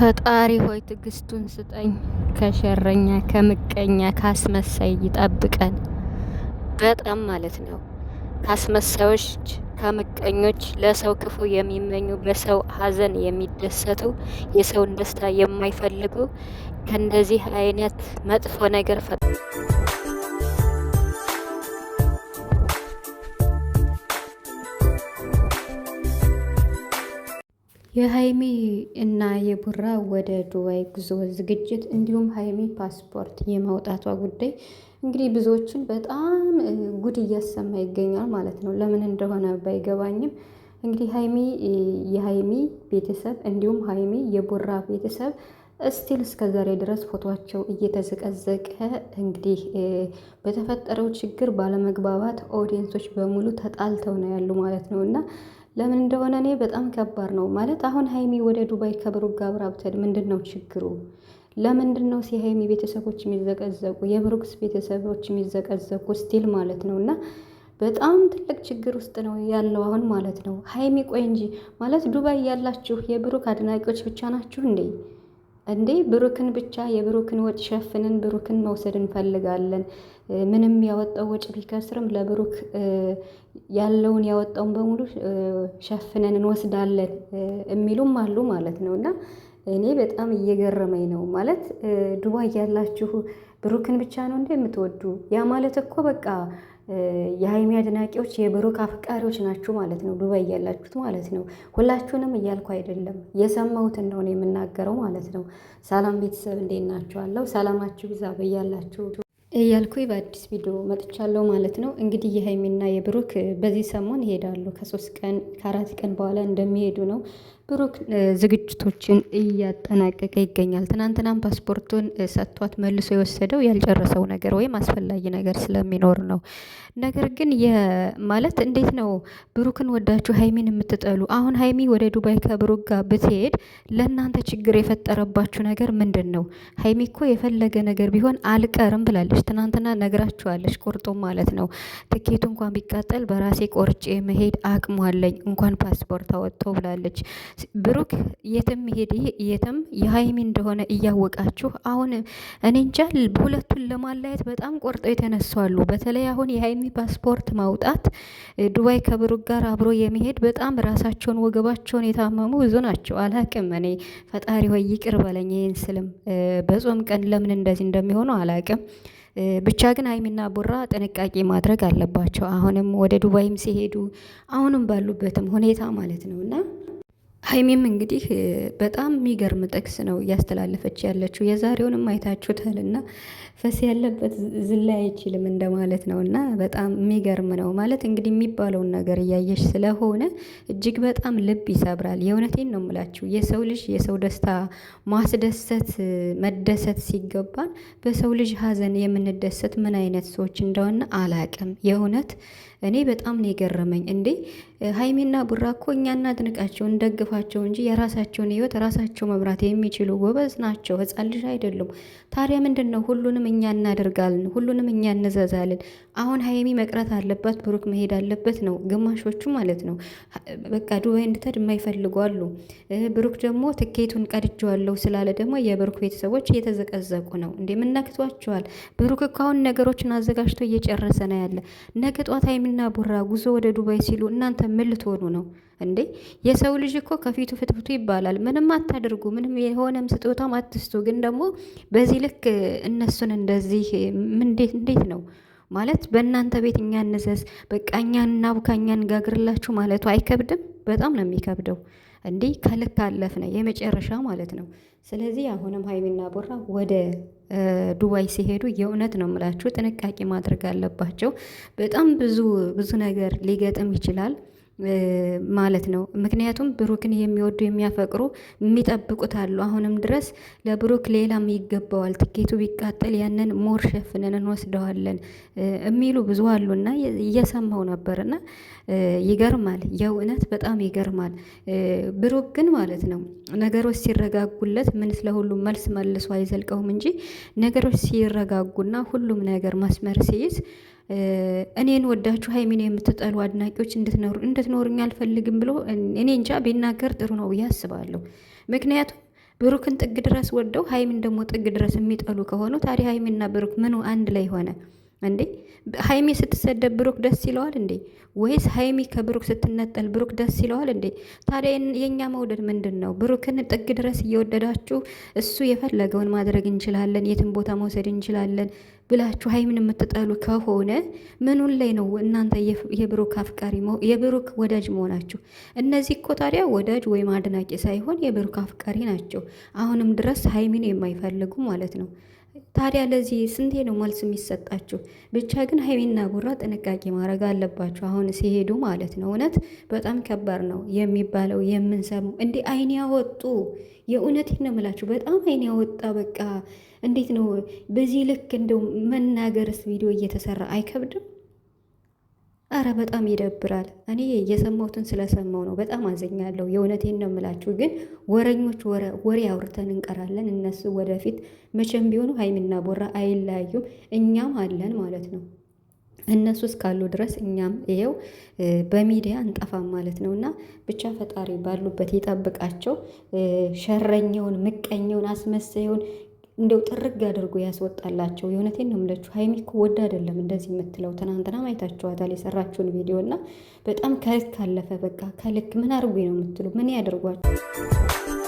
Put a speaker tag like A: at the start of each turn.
A: ፈጣሪ ሆይ ትግስቱን ስጠኝ። ከሸረኛ ከምቀኛ ካስመሳይ ይጠብቀን። በጣም ማለት ነው ካስመሳዮች ከምቀኞች፣ ለሰው ክፉ የሚመኙ፣ በሰው ሀዘን የሚደሰቱ፣ የሰውን ደስታ የማይፈልጉ ከእንደዚህ አይነት መጥፎ ነገር
B: የሀይሚ እና የቡራ ወደ ዱባይ ጉዞ ዝግጅት እንዲሁም ሀይሚ ፓስፖርት የማውጣቷ ጉዳይ እንግዲህ ብዙዎችን በጣም ጉድ እያሰማ ይገኛል ማለት ነው። ለምን እንደሆነ ባይገባኝም እንግዲህ ሀይሚ የሀይሚ ቤተሰብ እንዲሁም ሀይሚ የቡራ ቤተሰብ እስቲል እስከ ዛሬ ድረስ ፎቶቸው እየተዘቀዘቀ እንግዲህ በተፈጠረው ችግር ባለመግባባት ኦዲየንሶች በሙሉ ተጣልተው ነው ያሉ ማለት ነው እና ለምን እንደሆነ እኔ በጣም ከባድ ነው ማለት አሁን ሀይሚ ወደ ዱባይ ከብሩክ ጋር አብራ ብትሄድ ምንድን ነው ችግሩ? ለምንድን ነው የሀይሚ ቤተሰቦች የሚዘቀዘቁ የብሩክስ ቤተሰቦች የሚዘቀዘቁ ስቲል ማለት ነው እና በጣም ትልቅ ችግር ውስጥ ነው ያለው አሁን ማለት ነው። ሀይሚ ቆይ እንጂ ማለት ዱባይ ያላችሁ የብሩክ አድናቂዎች ብቻ ናችሁ እንዴ? እንዴ ብሩክን ብቻ የብሩክን ወጪ ሸፍንን ብሩክን መውሰድ እንፈልጋለን። ምንም ያወጣው ወጪ ቢከስርም ለብሩክ ያለውን ያወጣውን በሙሉ ሸፍነን እንወስዳለን የሚሉም አሉ ማለት ነው። እና እኔ በጣም እየገረመኝ ነው ማለት ዱባይ ያላችሁ ብሩክን ብቻ ነው እንደ የምትወዱ ያ ማለት እኮ በቃ የሀይሚ አድናቂዎች የብሩክ አፍቃሪዎች ናችሁ ማለት ነው። ዱባይ ያላችሁት ማለት ነው። ሁላችሁንም እያልኩ አይደለም፣ የሰማውት እንደሆነ የምናገረው ማለት ነው። ሰላም ቤተሰብ እንዴት ናችኋለሁ? ሰላማችሁ ብዛ በያላችሁ እያልኩ በአዲስ ቪዲዮ መጥቻለሁ ማለት ነው። እንግዲህ የሀይሚና የብሩክ በዚህ ሰሞን ይሄዳሉ። ከሶስት ቀን ከአራት ቀን በኋላ እንደሚሄዱ ነው ብሩክ ዝግጅቶችን እያጠናቀቀ ይገኛል። ትናንትናም ፓስፖርቱን ሰጥቷት መልሶ የወሰደው ያልጨረሰው ነገር ወይም አስፈላጊ ነገር ስለሚኖር ነው። ነገር ግን ማለት እንዴት ነው ብሩክን ወዳችሁ ሀይሚን የምትጠሉ? አሁን ሀይሚ ወደ ዱባይ ከብሩክ ጋር ብትሄድ ለእናንተ ችግር የፈጠረባችሁ ነገር ምንድን ነው? ሀይሚ እኮ የፈለገ ነገር ቢሆን አልቀርም ብላለች። ትናንትና ነግራችኋለች፣ ቁርጦ ማለት ነው። ትኬቱ እንኳን ቢቃጠል በራሴ ቆርጬ መሄድ አቅሟለኝ እንኳን ፓስፖርት አወጥቶ ብላለች። ብሩክ የትም ሄድ የትም የሀይሚ እንደሆነ እያወቃችሁ አሁን እኔ እንጃ ሁለቱን ለማላየት በጣም ቆርጠው የተነሱ በተለይ አሁን የሀይሚ ፓስፖርት ማውጣት ዱባይ ከብሩክ ጋር አብሮ የሚሄድ በጣም ራሳቸውን ወገባቸውን የታመሙ ብዙ ናቸው። አላቅም እኔ ፈጣሪ ሆይ ይቅር በለኝ ይህን ስልም በጾም ቀን ለምን እንደዚህ እንደሚሆኑ አላቅም። ብቻ ግን ሀይሚና ቡራ ጥንቃቄ ማድረግ አለባቸው። አሁንም ወደ ዱባይም ሲሄዱ አሁንም ባሉበትም ሁኔታ ማለት ነው እና ሀይሜም እንግዲህ በጣም የሚገርም ጥቅስ ነው እያስተላለፈች ያለችው። የዛሬውንም አይታችሁታልና ፈስ ያለበት ዝላይ አይችልም እንደማለት ነው። እና በጣም የሚገርም ነው ማለት እንግዲህ የሚባለውን ነገር እያየሽ ስለሆነ እጅግ በጣም ልብ ይሰብራል። የእውነቴን ነው የምላችሁ። የሰው ልጅ የሰው ደስታ ማስደሰት መደሰት ሲገባን በሰው ልጅ ሀዘን የምንደሰት ምን አይነት ሰዎች እንደሆነ አላቅም። የእውነት እኔ በጣም ነው የገረመኝ። እንዴ ሀይሜና ቡራ እኮ እኛ እናድንቃቸው እንደግፍ ደግፋቸው እንጂ የራሳቸውን ህይወት ራሳቸው መብራት የሚችሉ ጎበዝ ናቸው። ህፃን ልጅ አይደሉም። ታዲያ ምንድን ነው ሁሉንም እኛ እናደርጋለን፣ ሁሉንም እኛ እንዘዛለን። አሁን ሀይሚ መቅረት አለባት፣ ብሩክ መሄድ አለበት ነው ግማሾቹ ማለት ነው። በቃ ዱባይ እንድትሄድ የማይፈልጉ አሉ። ብሩክ ደግሞ ትኬቱን ቀድጀዋለሁ ስላለ ደግሞ የብሩክ ቤተሰቦች እየተዘቀዘቁ ነው። እንደምን ነክቷቸዋል። ብሩክ እኮ አሁን ነገሮችን አዘጋጅቶ እየጨረሰ ነው ያለ። ነገ ጧት ሀይሚና ቡራ ጉዞ ወደ ዱባይ ሲሉ እናንተ ምን ልትሆኑ ነው? እንዴ የሰው ልጅ እኮ ከፊቱ ፍትፍቱ ይባላል። ምንም አታድርጉ፣ ምንም የሆነም ስጦታም አትስጡ። ግን ደግሞ በዚህ ልክ እነሱን እንደዚህ እንዴት እንዴት ነው ማለት በእናንተ ቤት እኛ እንዘዝ፣ በቃ እኛ እናቡካ፣ እኛ እንጋግርላችሁ ማለቱ አይከብድም? በጣም ነው የሚከብደው። እንዲህ ከልክ አለፍነ የመጨረሻ ማለት ነው። ስለዚህ አሁንም ሀይሚና ቦራ ወደ ዱባይ ሲሄዱ የእውነት ነው የምላችሁ ጥንቃቄ ማድረግ አለባቸው። በጣም ብዙ ብዙ ነገር ሊገጥም ይችላል። ማለት ነው። ምክንያቱም ብሩክን የሚወዱ የሚያፈቅሩ የሚጠብቁት አሉ። አሁንም ድረስ ለብሩክ ሌላም ይገባዋል፣ ትኬቱ ቢቃጠል ያንን ሞር ሸፍነን እንወስደዋለን የሚሉ ብዙ አሉና እየሰማው ነበርና ይገርማል። የእውነት በጣም ይገርማል። ብሩክ ግን ማለት ነው ነገሮች ሲረጋጉለት ምን ስለሁሉም መልስ መልሶ አይዘልቀውም እንጂ ነገሮች ሲረጋጉና ሁሉም ነገር መስመር ሲይዝ እኔን ወዳችሁ ሀይሚን የምትጠሉ አድናቂዎች እንድትኖሩ እንድትኖሩኝ አልፈልግም ብሎ እኔ እንጃ ቢናገር ጥሩ ነው ብዬ አስባለሁ። ምክንያቱም ብሩክን ጥግ ድረስ ወደው ሀይሚን ደግሞ ጥግ ድረስ የሚጠሉ ከሆኑ ታዲያ ሀይሚና ብሩክ ምኑ አንድ ላይ ሆነ እንዴ? ሀይሚ ስትሰደብ ብሩክ ደስ ይለዋል እንዴ? ወይስ ሀይሚ ከብሩክ ስትነጠል ብሩክ ደስ ይለዋል እንዴ? ታዲያ የእኛ መውደድ ምንድን ነው? ብሩክን ጥግ ድረስ እየወደዳችሁ እሱ የፈለገውን ማድረግ እንችላለን፣ የትም ቦታ መውሰድ እንችላለን ብላችሁ ሀይምን የምትጠሉ ከሆነ ምኑን ላይ ነው እናንተ የብሩክ አፍቃሪ የብሩክ ወዳጅ መሆናችሁ? እነዚህ እኮ ታዲያ ወዳጅ ወይም አድናቂ ሳይሆን የብሩክ አፍቃሪ ናቸው። አሁንም ድረስ ሀይሚን የማይፈልጉ ማለት ነው። ታዲያ ለዚህ ስንቴ ነው መልስ የሚሰጣችሁ? ብቻ ግን ሀይሚና ቡራ ጥንቃቄ ማድረግ አለባችሁ፣ አሁን ሲሄዱ ማለት ነው። እውነት በጣም ከባድ ነው የሚባለው የምንሰሙ እንዲህ አይን ያወጡ የእውነት ነው የምላችሁ፣ በጣም አይን ያወጣ በቃ። እንዴት ነው በዚህ ልክ እንደው መናገርስ ቪዲዮ እየተሰራ አይከብድም? አረ በጣም ይደብራል። እኔ የሰማሁትን ስለሰማው ነው በጣም አዘኛለሁ። የእውነቴን ነው የምላችሁ። ግን ወረኞች ወሬ አውርተን እንቀራለን። እነሱ ወደፊት መቼም ቢሆኑ ሀይሚና ቦራ አይለያዩም። እኛም አለን ማለት ነው። እነሱ እስካሉ ድረስ እኛም ይኸው በሚዲያ እንጠፋም ማለት ነው። እና ብቻ ፈጣሪ ባሉበት ይጠብቃቸው። ሸረኛውን፣ ምቀኛውን፣ አስመሳየውን እንደው ጥርግ አድርጎ ያስወጣላቸው። የእውነቴን ነው የምላችሁ። ሀይሚ እኮ ወድ አይደለም እንደዚህ የምትለው። ትናንትና አይታችኋታል የሰራችውን ቪዲዮ እና በጣም ከልክ ካለፈ በቃ ከልክ ምን አድርጉ ነው የምትሉ? ምን ያደርጓቸው